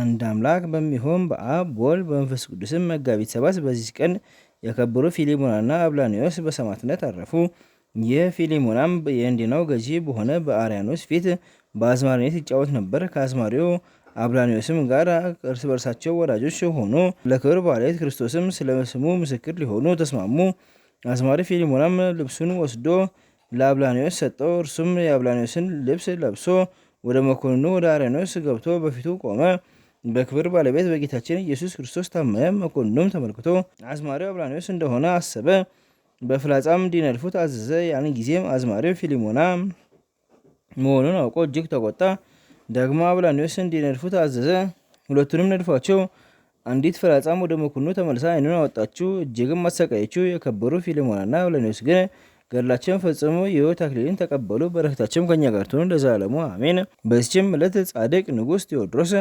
አንድ አምላክ በሚሆን በአብ በወልድ በመንፈስ ቅዱስም መጋቢት ሰባት በዚች ቀን የከበሩ ፊሊሞናና አብላኒዎስ በሰማዕትነት አረፉ። ይህ ፊሊሞናም የእንዴናው ገዢ በሆነ በአርያኖስ ፊት በአዝማሪነት ይጫወት ነበር። ከአዝማሪው አብላኒዎስም ጋር እርስ በርሳቸው ወዳጆች ሆኑ ለክብር ባለቤት ክርስቶስም ስለ ስሙ ምስክር ሊሆኑ ተስማሙ። አዝማሪ ፊሊሞናም ልብሱን ወስዶ ለአብላኒዎስ ሰጠው። እርሱም የአብላኒዎስን ልብስ ለብሶ ወደ መኮንኑ ወደ አርያኖስ ገብቶ በፊቱ ቆመ። በክብር ባለቤት በጌታችን ኢየሱስ ክርስቶስ ታመመ። መኮንኑም ተመልክቶ አዝማሪው አብላኒዎስ እንደሆነ አሰበ። በፍላጻም እንዲነድፉት አዘዘ። ያን ጊዜም አዝማሪው ፊሊሞና መሆኑን አውቆ እጅግ ተቆጣ። ደግሞ አብላኒዎስ እንዲነድፉት አዘዘ። ሁለቱንም ነድፏቸው። አንዲት ፍላጻም ወደ መኮንኑ ተመልሳ ዓይኑን አወጣችው፣ እጅግም አሰቃየችው። የከበሩ ፊሊሞናና አብላኒዎስ ግን ገድላቸውን ፈጽሞ የህይወት አክሊልን ተቀበሉ። በረከታቸውም ከኛ ጋር ትሆኑ ለዘላለሙ አሜን። በዚችም ዕለት ጻድቅ ንጉሥ ቴዎድሮስ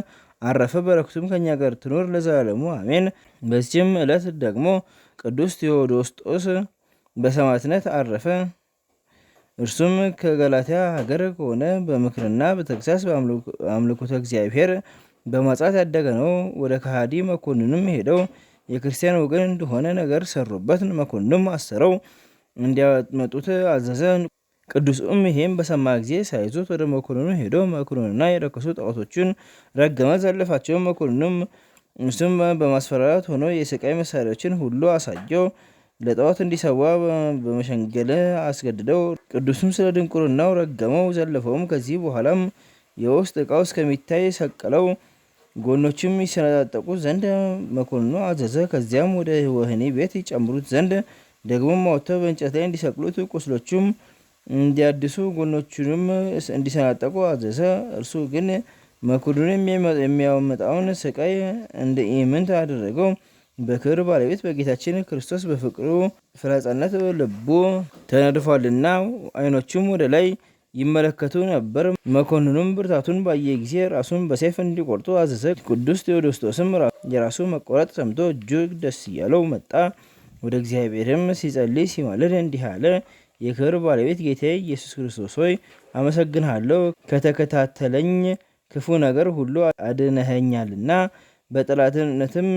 አረፈ። በረከቱም ከኛ ጋር ትኖር ለዘላለሙ አሜን። በዚችም ዕለት ደግሞ ቅዱስ ቴዎዶስጦስ በሰማዕትነት አረፈ። እርሱም ከገላትያ ሀገር ከሆነ በምክርና በተግሳስ በአምልኮተ እግዚአብሔር በማጽናት ያደገ ነው። ወደ ከሃዲ መኮንንም ሄደው የክርስቲያን ወገን እንደሆነ ነገር ሰሩበት። መኮንንም አሰረው። እንዲያመጡት አዘዘ። ቅዱስም ይህም በሰማ ጊዜ ሳይዙት ወደ መኮንኑ ሄዶ መኮንኑና የረከሱ ጣዖቶችን ረገመ፣ ዘለፋቸው። መኮንኑም እሱም በማስፈራራት ሆኖ የስቃይ መሳሪያዎችን ሁሉ አሳየው። ለጣዖት እንዲሰዋ በመሸንገል አስገድደው። ቅዱስም ስለ ድንቁርናው ረገመው፣ ዘለፈውም። ከዚህ በኋላም የውስጥ እቃው እስከሚታይ ሰቀለው። ጎኖችም ይሰነጣጠቁ ዘንድ መኮንኑ አዘዘ። ከዚያም ወደ ወህኒ ቤት ይጨምሩት ዘንድ ደግሞም አውጥተው በእንጨት ላይ እንዲሰቅሉት፣ ቁስሎቹም እንዲያድሱ፣ ጎኖቹንም እንዲሰናጠቁ አዘዘ። እርሱ ግን መኩሪንም የሚያመጣውን ስቃይ እንደ ኢምንት አደረገው። በክብር ባለቤት በጌታችን ክርስቶስ በፍቅሩ ፍላጻነት ልቡ ተነድፏልና አይኖቹም ወደ ላይ ይመለከቱ ነበር። መኮንኑም ብርታቱን ባየ ጊዜ ራሱን በሰይፍ እንዲቆርጡ አዘዘ። ቅዱስ ቴዎዶስቶስም የራሱ መቆረጥ ሰምቶ እጅግ ደስ እያለው መጣ። ወደ እግዚአብሔርም ሲጸልይ ሲማልድ እንዲህ አለ። የክብር ባለቤት ጌቴ ኢየሱስ ክርስቶስ ሆይ አመሰግንሃለሁ፣ ከተከታተለኝ ክፉ ነገር ሁሉ አድነኸኛልና በጠላትነትም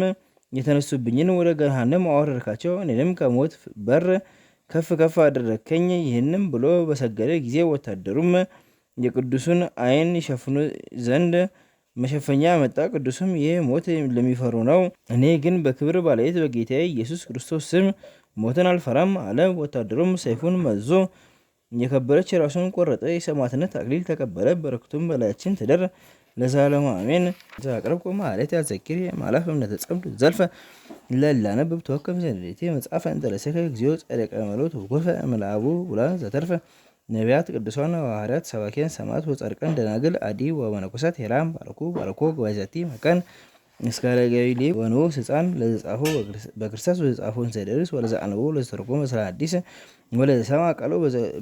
የተነሱብኝን ወደ ገሃነም አወረድካቸው፣ እኔንም ከሞት በር ከፍ ከፍ አደረግከኝ። ይህንም ብሎ በሰገደ ጊዜ ወታደሩም የቅዱሱን ዓይን ይሸፍኑ ዘንድ መሸፈኛ መጣ። ቅዱስም ይህ ሞት ለሚፈሩ ነው፣ እኔ ግን በክብር ባለቤት በጌታ ኢየሱስ ክርስቶስ ስም ሞትን አልፈራም አለ። ወታደሩም ሰይፉን መዞ የከበረች ራሱን ቆረጠ። የሰማዕትነት አክሊል ተቀበለ። በረከቱም በላያችን ትደር ለዛለሙ አሜን። ዘአቅረብኩ ማሕሌተ ያዘኪር ማላፍ እምነተ ጸምድ ዘልፈ ለላነብብ ተወከም ዘንዴቴ መጽሐፈ እንተለሰከ እግዚኦ ጸደቀ መሎት ወጎፈ መልአቡ ውላ ዘተርፈ ነቢያት፣ ቅዱሳን ሐዋርያት፣ ሰባኪያን ሰማዕት፣ ወጻድቃን፣ ደናግል፣ አዲ ወመነኮሳት ሄላም ባርኩ ባርኮ ባዛቲ መካን እስካለ ገሊሊ ወኖ ስፃን ለዘጻፎ በክርስቶስ ወዘጻፎን ዘደርስ ወለዛ አንቦ ለዘተርጎ መስራ አዲስ ወለዘሰማ ቃሎ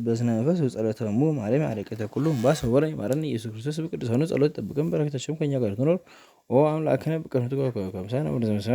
በዝነ መንፈስ ወጸሎተሙ ማርያም አለቀተ ኩሉ ባስ ወረ ይማረን ኢየሱስ ክርስቶስ በቅዱሳኑ ጸሎት ጠብቀን፣ በረከታቸውም ከኛ ጋር ትኖር ኦ አምላክነ በቀርቱ ከምሳ ከመሳና ወደ